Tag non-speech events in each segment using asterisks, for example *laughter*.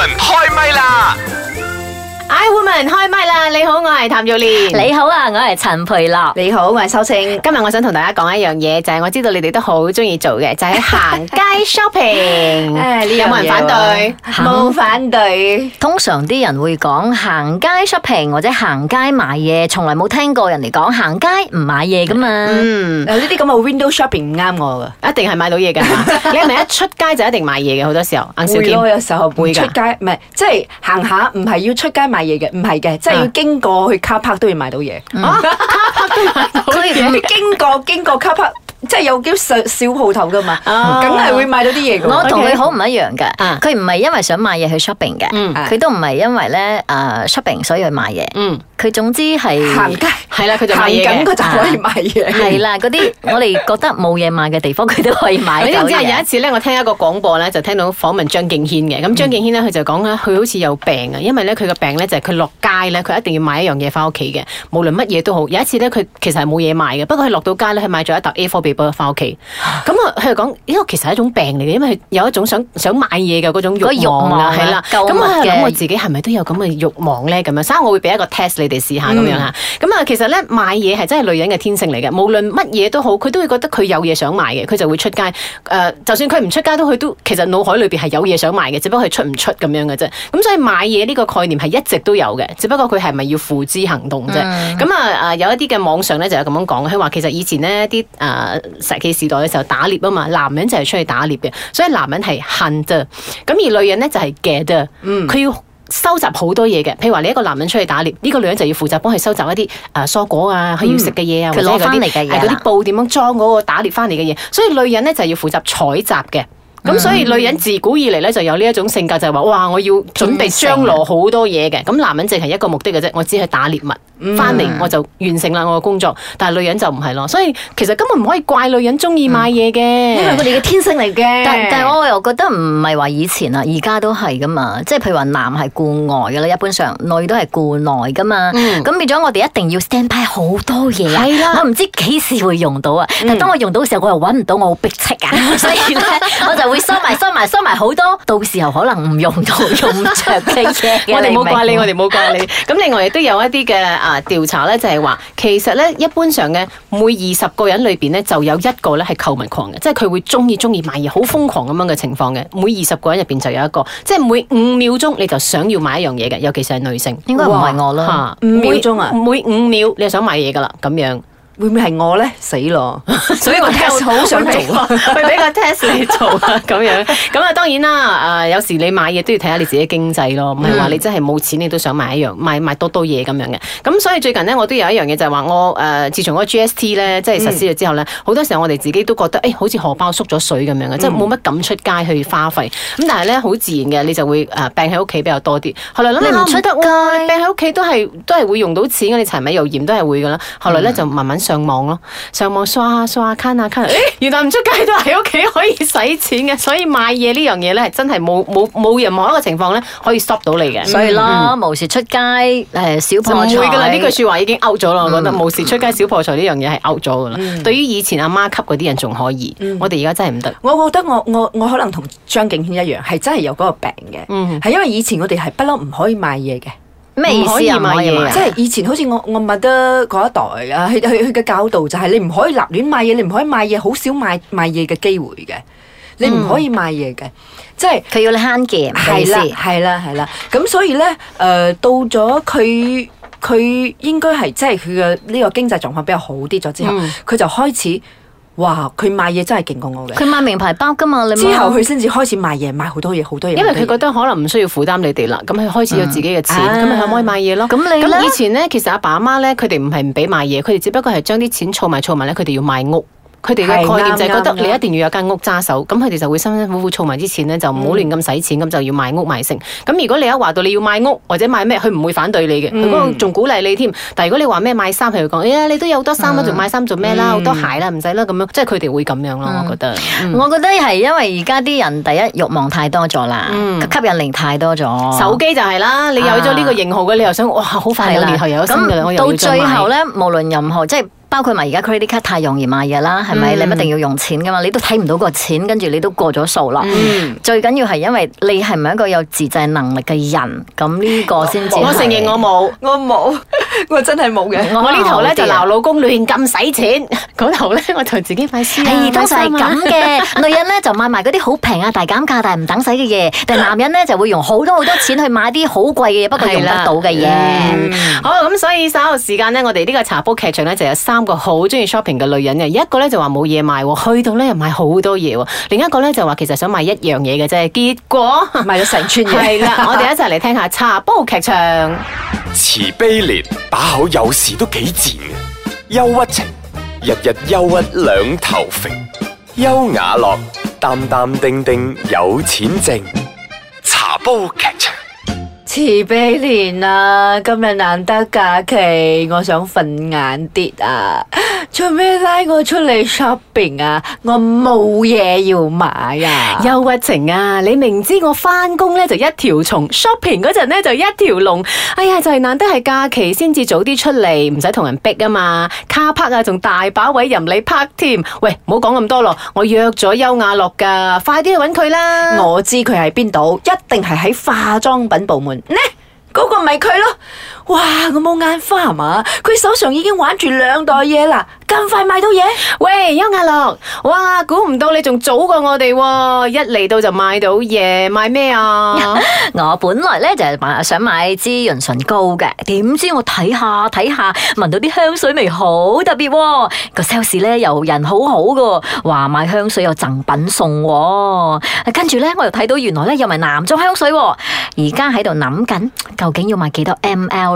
開嘜啦！Hi, Iwoman，開唛啦！你好，我係譚玉蓮。你好啊，我係陳佩樂。你好，我係修清。今日我想同大家講一樣嘢，就係我知道你哋都好中意做嘅，就係行街 shopping。有冇人反對？冇反對。通常啲人會講行街 shopping 或者行街買嘢，從來冇聽過人哋講行街唔買嘢噶嘛。嗯，呢啲咁嘅 window shopping 唔啱我噶，一定係買到嘢噶。係咪一出街就一定買嘢嘅？好多時候，阿小健。會咯，有時候會噶。出街唔係即係行下，唔係要出街買。嘢嘅，唔係嘅，即係要經過去卡帕都要買到嘢，卡帕都買到所以， *laughs* *laughs* 經過經過卡帕。即係又叫小小鋪頭噶嘛，梗係、oh，會買到啲嘢。我同佢好唔一樣㗎，佢唔係因為想買嘢去 shopping 嘅，佢都唔係因為咧誒 shopping 所以去買嘢。佢、嗯、總之係行街，係啦街，佢就買就可以買嘢。係啦，嗰啲我哋覺得冇嘢買嘅地方，佢都可以買。因為 *laughs* 有一次咧，我聽一個廣播咧，就聽到訪問張敬軒嘅。咁張敬軒咧，佢就講咧，佢好似有病呀，因為咧佢個病咧就係佢落街咧，佢一定要買一樣嘢翻屋企嘅，無論乜嘢都好。有一次咧，佢其實係冇嘢買嘅，不過佢落到街咧，佢買咗一沓翻屋企，咁啊，佢係講，呢個其實係一種病嚟嘅，因為有一種想想買嘢嘅嗰種欲望係啦。咁我諗我自己係咪都有咁嘅欲望咧？咁樣，所以我會俾一個 test 你哋試下咁樣吓。咁啊，其實咧買嘢係真係女人嘅天性嚟嘅，無論乜嘢都好，佢都會覺得佢有嘢想買嘅，佢就會出街。誒，就算佢唔出街，都佢都其實腦海裏邊係有嘢想買嘅，只不過佢出唔出咁樣嘅啫。咁所以買嘢呢個概念係一直都有嘅，只不過佢係咪要付之行動啫？咁啊啊，有一啲嘅網上咧就有咁樣講，佢話其實以前呢啲誒。呃石器時代嘅時候打獵啊嘛，男人就係出去打獵嘅，所以男人係 hunt 嘅，咁而女人咧就係 get 嘅，佢要收集好多嘢嘅，譬如話你一個男人出去打獵，呢、這個女人就要負責幫佢收集一啲誒蔬果啊，佢要食嘅嘢啊，嗯、或者嗰啲係佢攞返嚟嘅嘢，嗰啲布點樣裝嗰個打獵翻嚟嘅嘢，所以女人咧就要負責採集嘅。咁、嗯、所以女人自古以嚟咧就有呢一種性格，就係、是、話哇，我要準備張羅好多嘢嘅。咁性男人淨係一個目的嘅啫，我只係打獵物翻嚟、嗯、我就完成啦我嘅工作。但係女人就唔係咯，所以其實根本唔可以怪女人中意買嘢嘅，因為佢哋嘅天性嚟嘅。但但係我又覺得唔係話以前啦，而家都係噶嘛。即係譬如話男係顧外嘅啦，一般上女都係顧內噶嘛。咁、嗯、變咗我哋一定要 stand by 好多嘢啊！啦我唔知幾時會用到啊。但係當我用到嘅時候，但 又我又揾唔到，我好迫切啊。 *laughs* 所以咧呢，我就～會收埋收埋收埋好多，到時候可能唔用到，用唔着嘅嘢。我哋冇怪你， *laughs* 我哋冇怪你。咁另外亦都有一啲嘅啊調查咧，就係話其實咧一般上嘅每二十個人裏邊咧，就有一個咧係購物狂嘅，即係佢會中意中意買嘢，好瘋狂咁樣嘅情況嘅。每二十個人入邊就有一個，即係每五秒鐘你就想要買一樣嘢嘅，尤其是係女性。應該唔係我啦，哦、五秒鐘啊，每五秒你就想買嘢噶啦，咁樣。會唔會係我咧？死咯！ *laughs* 所以我 test 好想做啊，俾 *laughs* 個 test 你做啊，咁樣咁啊。當然啦，誒，有時你買嘢都要睇下你自己經濟咯，唔係話你真係冇錢你都想買一樣買買多多嘢咁樣嘅。咁所以最近咧，我都有一樣嘢就係、是、話我誒、呃，自從嗰個 GST 咧，即係實施咗之後咧，好、嗯、多時候我哋自己都覺得誒、欸，好似荷包縮咗水咁樣嘅，即係冇乜敢出街去花費。咁、嗯、但係咧，好自然嘅，你就會誒病喺屋企比較多啲。後來諗諗唔出街，麼你得你病喺屋企都係都係會用到錢，你柴米油鹽都係會噶啦。後來咧、嗯、就慢慢。上網咯，上網刷下刷下卡下卡，誒，原來唔出街都喺屋企可以使錢嘅，所以買嘢呢樣嘢咧，真係冇冇冇任何一個情況咧可以 stop 到你嘅。所以咯，嗯、無事出街誒，少破財。菜嗯嗯、會噶啦，呢句說話已經 out 咗啦。我覺得無事出街少破財呢樣嘢係 out 咗噶啦。嗯、對於以前阿媽級嗰啲人仲可以，嗯、我哋而家真係唔得。我覺得我我我可能同張敬軒一樣，係真係有嗰個病嘅，係、嗯、因爲以前我哋係不嬲唔可以買嘢嘅。咩意思？唔可以買嘢，即係以前好似我我 mother 嗰一代啊，佢佢佢嘅教導就係你唔可以立亂買嘢，你唔可以買嘢，好少買買嘢嘅機會嘅，你唔可以買嘢嘅，嗯、即係是佢要你慳嘅，係啦係啦係啦，咁的所以咧誒、呃、到咗佢佢應該係即係佢嘅呢個經濟狀況比較好啲咗之後，佢、嗯、就開始。哇！佢賣嘢真係勁過我嘅，佢賣名牌包㗎嘛，之後佢先至開始賣嘢，賣好多嘢，好多嘢，因為佢覺得可能唔需要負擔你哋啦，咁佢、嗯、開始有自己嘅錢，咁佢、嗯、可以賣嘢咯。咁、啊、你以前呢，其實阿爸阿媽咧，佢哋唔係唔俾賣嘢，佢哋只不過係將啲錢儲埋儲埋咧，佢哋要買屋。佢哋嘅概念就係覺得你一定要有間屋揸手，咁佢哋就會辛辛苦苦儲埋啲錢咧，就唔好亂咁使錢，咁就要買屋買成。咁如果你一話到你要買屋或者買咩，佢唔會反對你嘅，佢嗰個仲鼓勵你添。但如果你話咩買衫，佢講，哎呀，你都有多衫啦，仲買衫做咩啦？好多鞋啦，唔使啦，咁樣，即係佢哋會咁樣咯。我覺得，我覺得係因為而家啲人第一欲望太多咗啦，吸引力太多咗，手機就係啦，你有咗呢個型號嘅你又想，哇，好快有年後又有新嘅兩個又到最後咧，無論任何即係。包括埋而家 credit card 太容易買嘢啦，係咪？嗯、你唔一定要用錢噶嘛，你都睇唔到個錢，跟住你都過咗數啦。嗯、最緊要係因為你係唔係一個有自制能力嘅人，咁呢個先至。我承認我冇，我冇，我真係冇嘅。我，我呢頭咧就鬧老公亂咁使錢，嗰頭咧我就自己買書，啊。通常係咁嘅，都 *laughs* 女人咧就買埋嗰啲好平啊、大減價，但係唔等使嘅嘢，但係男人咧就會用好多好多錢去買啲好貴嘅嘢，不過用得到嘅嘢。嗯、好，咁，所以稍後時間咧，我哋呢個茶煲劇場咧就有三。一個好中意 shopping 嘅女人嘅，一個咧就話冇嘢買，去到咧又買好多嘢；另一個咧就話其實想買一樣嘢嘅啫，結果買咗成串嘢。係啦，我哋一齊嚟聽下茶煲劇場。慈悲蓮，把口有時都幾賤嘅，憂鬱情，日日憂鬱兩頭肥，優雅樂，淡淡定定有錢剩，茶煲劇場。慈悲念啊！今日難得假期，我想瞓晏啲啊！做咩拉我出嚟 shopping 啊？我冇嘢要買啊！邱屈情啊！你明知我翻工咧就一條蟲，shopping 嗰陣咧就一條龍。哎呀，就係、是、難得係假期先至早啲出嚟，唔使同人逼啊嘛！卡拍啊，仲大把位任你拍添。喂，唔好講咁多咯，我約咗邱亞樂噶，快啲去揾佢啦！我知佢喺邊度，一定係喺化妝品部門。咧，嗰、嗰個咪佢咯。哇！我冇眼花吖嘛？佢手上已經玩住兩袋嘢啦，咁快買到嘢？喂，邱亞樂，哇！估唔到你仲早過我哋，一嚟到就買到嘢，買咩啊？我本來呢就係想買支潤唇膏嘅，點知我睇下睇下，聞到啲香水味好特別，個 sales 呢又人好好噶，話買香水有贈品送，跟住呢，我又睇到原來呢又係男裝香水，而家喺度諗緊究竟要買幾多 ml？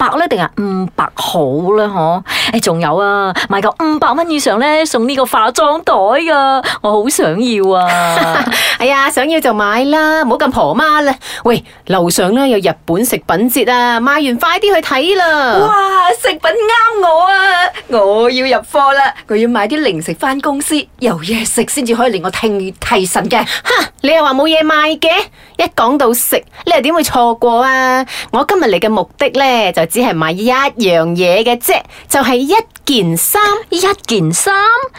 百咧定係五百好啦，嗬，誒，仲有啊，買夠五百蚊以上咧，送呢個化妝袋啊。我好想要啊！ *laughs* 哎呀，想要就買啦，唔好咁婆媽啦。喂，樓上咧有日本食品節啊，買完快啲去睇啦！哇，食品啱我啊，我要入貨啦，佢要買啲零食翻公司，有嘢食先至可以令我聽提神嘅。哈，你又話冇嘢賣嘅，一講到食，你又點會錯過啊？我今日嚟嘅目的咧就是。只係買一樣嘢嘅啫，就係、是、一。件衫一件衫，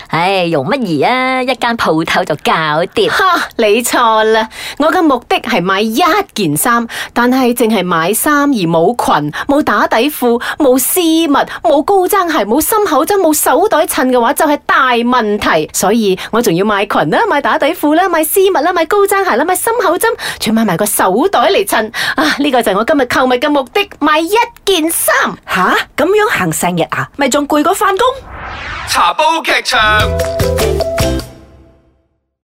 唉，容乜易啊，一間鋪頭就搞掂。吓，你錯啦！我嘅目的係買一件衫，但係淨係買衫而冇裙、冇打底褲、冇絲襪、冇高踭鞋、冇心口針、冇手袋襯嘅話，就係大問題。所以我仲要買裙啦、買打底褲啦、買絲襪啦、買高踭鞋啦、買心口針，仲買埋個手袋嚟襯。啊，呢個就係我今日購物嘅目的，買一件衫。吓，咁樣行成日啊，咪仲攰過？翻工，茶煲劇場。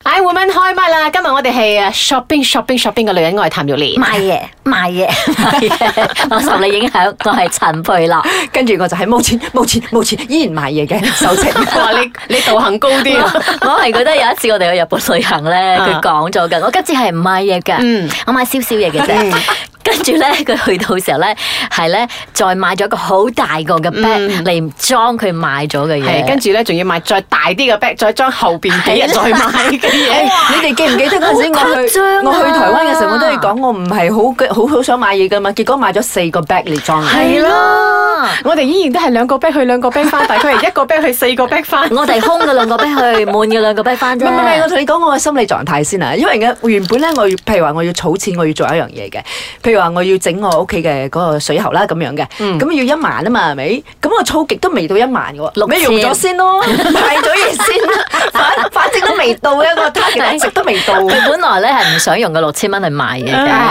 Iwoman、哎、開唛啦！今日我哋係啊 shopping shopping shopping 嘅女人，我係譚玉蓮。買嘢買嘢，買嘢 *laughs* *laughs* 我受你影響，我係陳佩樂。 *laughs* *laughs* 跟住我就係冇錢冇錢冇錢，依然買嘢嘅。 *laughs* 受懲罰，你你道行高啲 *laughs* 我係覺得有一次我哋去日本旅行咧，佢講咗噶，我今次係唔買嘢噶，嗯， *laughs* 我買少少嘢嘅啫。 *laughs* *laughs* 跟住咧，佢去到嘅時候咧，係咧再買咗一個好大個嘅 bag 嚟裝佢買咗嘅嘢。係、嗯，跟住咧仲要買再大啲嘅 bag 再裝後邊幾日，再買嘅嘢。你哋記唔記得嗰陣哇時我去、啊、我去台灣嘅時候，我都係講我唔係好嘅，好好想買嘢噶嘛，結果買咗四個 bag 嚟裝。係咯的。啊、我哋依然都係兩個 back 去，兩個 back 翻，但係佢係一個 back 去，四個 back 翻。我哋空嘅兩個 back 去，滿嘅兩個 back 翻。唔係我同你講我嘅心理狀態先啊。因為嘅原本咧，我譬如話我要儲錢，我要做一樣嘢嘅。譬如話我要整我屋企嘅嗰個水喉啦，咁樣嘅。嗯。咁要一萬啊嘛，係咪？咁我儲極都未到一萬嘅喎。千用咗先咯，係咁 *laughs* 未到嘅一個 target，一直都未到。佢本來咧係唔想用嘅六千蚊去買嘅，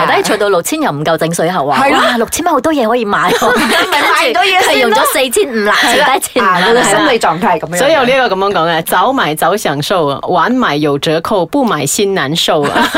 但係除到六千又唔夠整水喉啊！係咯，六千蚊好多嘢可以買，係用咗四千五啦，剩低千五。心理狀態咁樣。所以有呢個咁樣講嘅，早買早享受，晚買有折扣，不買先難受啊！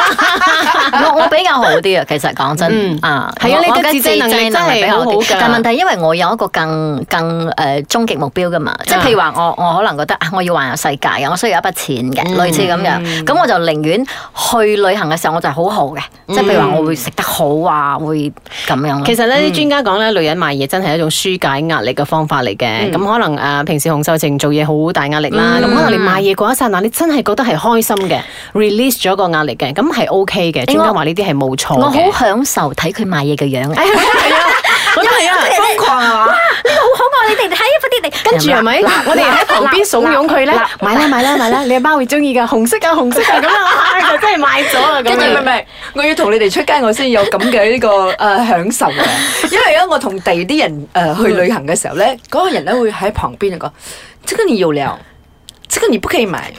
我我比較好啲啊，其實講真啊，係啊，你嘅自制能力真係比較好嘅。但問題因為我有一個更更誒終極目標嘅嘛，即係譬如話我我可能覺得啊，我要環遊世界啊，我需要一筆錢嘅。類似咁樣，咁、mm hmm. 我就寧願去旅行嘅時候，我就係好好嘅，即係、mm hmm. 譬如話我會食得好啊，會咁樣。其實呢啲專、mm hmm. 家講咧，女人買嘢真係一種紓解壓力嘅方法嚟嘅。咁、mm hmm. 可能誒、呃，平時洪秀情做嘢好大壓力啦，咁、mm hmm. 可能你買嘢嗰一剎那，你真係覺得係開心嘅、mm hmm.，release 咗個壓力嘅，咁係 OK 嘅。專家話呢啲係冇錯。我好享受睇佢買嘢嘅樣。 *laughs* *laughs* 喺嗰啲嚟，跟住係咪？我哋喺旁邊慫恿佢咧，買啦買啦買啦，你阿媽會中意噶，紅色噶、啊，紅色咁啊，樣哎、就真係買咗啦！跟住咪咪，我要同你哋出街，我先有咁嘅呢個誒享受嘅、啊。因為咧，我同第二啲人誒去旅行嘅時候咧，嗰、嗯、個人咧會喺旁邊嘅。即刻你要聊，即刻你不可以買。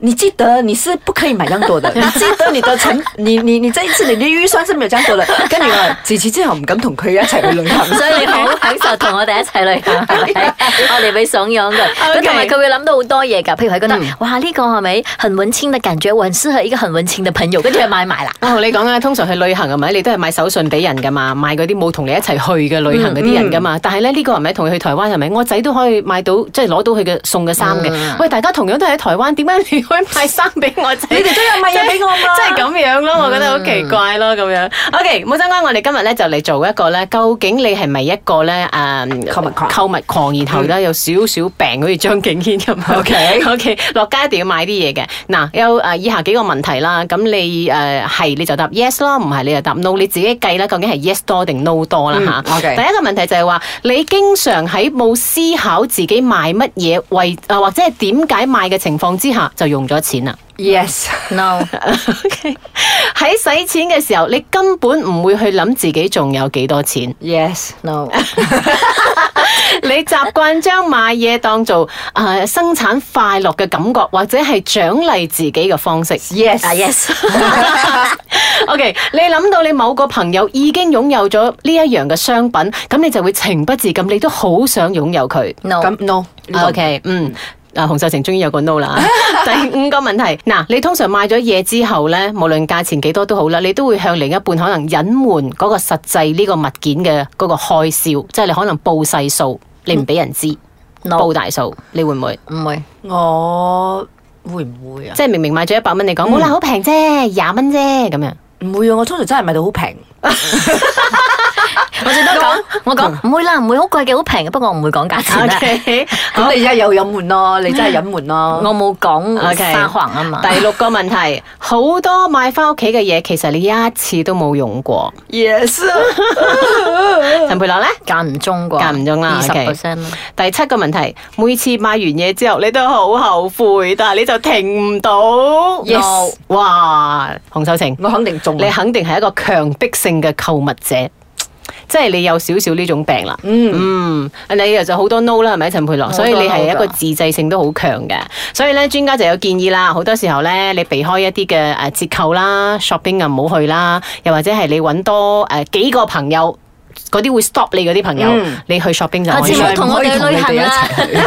你記得你是不可以買咁多的， *laughs* 你記得你的成，你你你，你你這一次你的預算是沒有咁多的。跟住我自此，此之後唔敢同佢一齊去旅行， *laughs* 所以你好享受同我哋一齊旅行，我哋俾慫恿嘅。同埋佢會諗到好多嘢㗎，譬如佢覺得哇呢、這個係咪很文青嘅感覺，我很適合一個很文青的朋友，跟住買買啦。我同、 *laughs* 哦、你講啊，通常去旅行係咪你都係買手信俾人㗎嘛，買嗰啲冇同你一齊去嘅旅行嗰啲人㗎嘛。嗯嗯、但係咧呢、這個係咪同佢去台灣係咪？我仔都可以買到即係攞到佢嘅送嘅衫嘅。嗯、喂，大家同樣都喺台灣，點解你？佢派衫俾我，你哋都有買嘢俾我嘛？即係咁樣咯，我覺得好奇怪咯，咁樣。OK，冇爭啱，我哋今日咧就嚟做一個咧，究竟你係咪一個咧誒購物狂？購物狂，然後咧有少少病，好似張敬軒咁。OK，OK，落街一定要買啲嘢嘅。嗱，有誒以下幾個問題啦，咁你誒係你就答 yes 咯，唔係你就答 no，你自己計啦，究竟係 yes 多定 no 多啦嚇。OK，第一個問題就係話你經常喺冇思考自己買乜嘢為誒或者係點解買嘅情況之下就用。用咗 Yes ,、no. Okay. *laughs* 錢啦？Yes，No。喺使錢嘅時候，你根本唔會去諗自己仲有幾多錢。Yes，No *laughs* *laughs* 你習慣將買嘢當做誒生產快樂嘅感覺，或者係獎勵自己嘅方式。Yes，Yes。Uh, yes. *laughs* OK，你諗到你某個朋友已經擁有咗呢一樣嘅商品，咁你就會情不自禁，你都好想擁有佢。No，No。No, no. OK，嗯。Mm. 啊！洪秀成終於有個 no 啦。第五個問題，嗱， *laughs* 你通常買咗嘢之後咧，無論價錢幾多都好啦，你都會向另一半可能隱瞞嗰個實際呢個物件嘅嗰個開銷，即係你可能報細數，你唔俾人知、嗯、報大數，你會唔會？唔會，我會唔會啊？即係明明買咗一百蚊，你講冇啦，好平啫，廿蚊啫咁樣。唔會啊！我通常真係買到好平。 *laughs* *laughs* 我講唔會啦，唔會好貴嘅，好平嘅。不過我唔會講價錢咧。咁你而家有隱瞞咯，你真係隱瞞咯。我冇講花黃啊嘛。第六個問題，好多買翻屋企嘅嘢，其實你一次都冇用過。Yes。陳佩樂咧，間唔中啩？間唔中啊！十 percent。第七個問題，每次買完嘢之後，你都好後悔，但係你就停唔到。Yes。哇！洪秀晴，我肯定中。你肯定係一個強迫性嘅購物者。即係你有少少呢種病啦，嗯，嗯，你又就好多 no 啦，係咪陳佩洛，no？所以你係一個自製性都好強嘅。所以咧專家就有建議啦，好多時候咧，你避開一啲嘅誒折扣啦，shopping 就唔好去啦，又或者係你搵多誒幾個朋友。嗰啲會 stop 你嗰啲朋友，你去 shopping 就可以，同我哋旅行一齊去，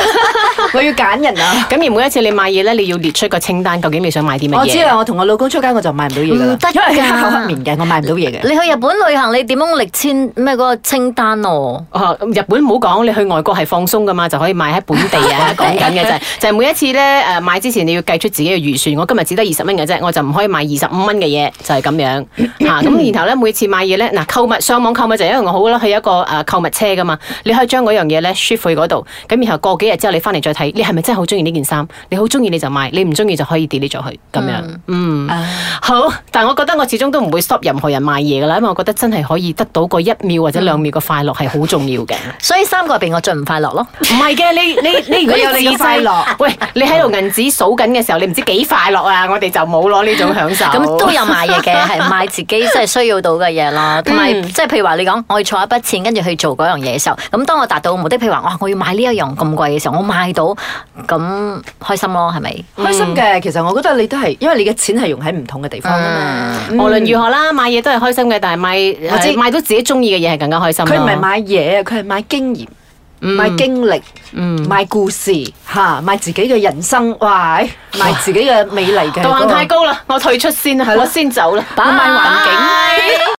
我要揀人啊！咁而每一次你買嘢咧，你要列出個清單，究竟你想買啲乜嘢？我知啊，我同我老公出街我就買唔到嘢啦，唔得噶，因為我黑麪嘅，我買唔到嘢嘅。你去日本旅行，你點樣列籤咩嗰個清單咯？嚇！日本唔好講，你去外國係放鬆噶嘛，就可以買喺本地啊。講緊嘅就係就係每一次咧誒買之前你要計出自己嘅預算，我今日只得二十蚊嘅啫，我就唔可以買二十五蚊嘅嘢，就係咁樣，咁然後咧，每次買嘢咧嗱，購物上網購物就因為我好，佢有一個誒購物車噶嘛，你可以將嗰樣嘢咧 shift 去嗰度，咁然後過幾日之後你翻嚟再睇，你係咪真係好中意呢件衫？你好中意你就買，你唔中意就可以 delete 咗佢咁樣。嗯，好。但係我覺得我始終都唔會 stop 任何人買嘢噶啦，因為我覺得真係可以得到個一秒或者兩秒嘅快樂係好重要嘅。Mm. *laughs* 所以三個入面我最唔快樂咯？唔係嘅，你你你，你如果有你快樂， *laughs* 喂，你喺度銀紙數緊嘅時候，你唔知幾快樂啊！我哋就冇攞呢種享受。咁、 *laughs* 嗯、都有買嘢嘅，係買自己真係需要到嘅嘢咯，同埋、 *laughs* 嗯、即係譬如話你講做一筆錢，跟住去做嗰樣嘢嘅時候，咁當我達到目的，譬如話哇，我要買呢一樣咁貴嘅時候，我買到咁開心咯，係咪？開心嘅，其實我覺得你都係，因為你嘅錢係用喺唔同嘅地方噶嘛。無論如何啦，買嘢都係開心嘅，但係買或者買到自己中意嘅嘢係更加開心。佢唔係買嘢，佢係買經驗、買經歷、嗯，買故事，吓買自己嘅人生，哇，買自己嘅美麗嘅。道行太高啦，我退出先，我先走啦。把買環境。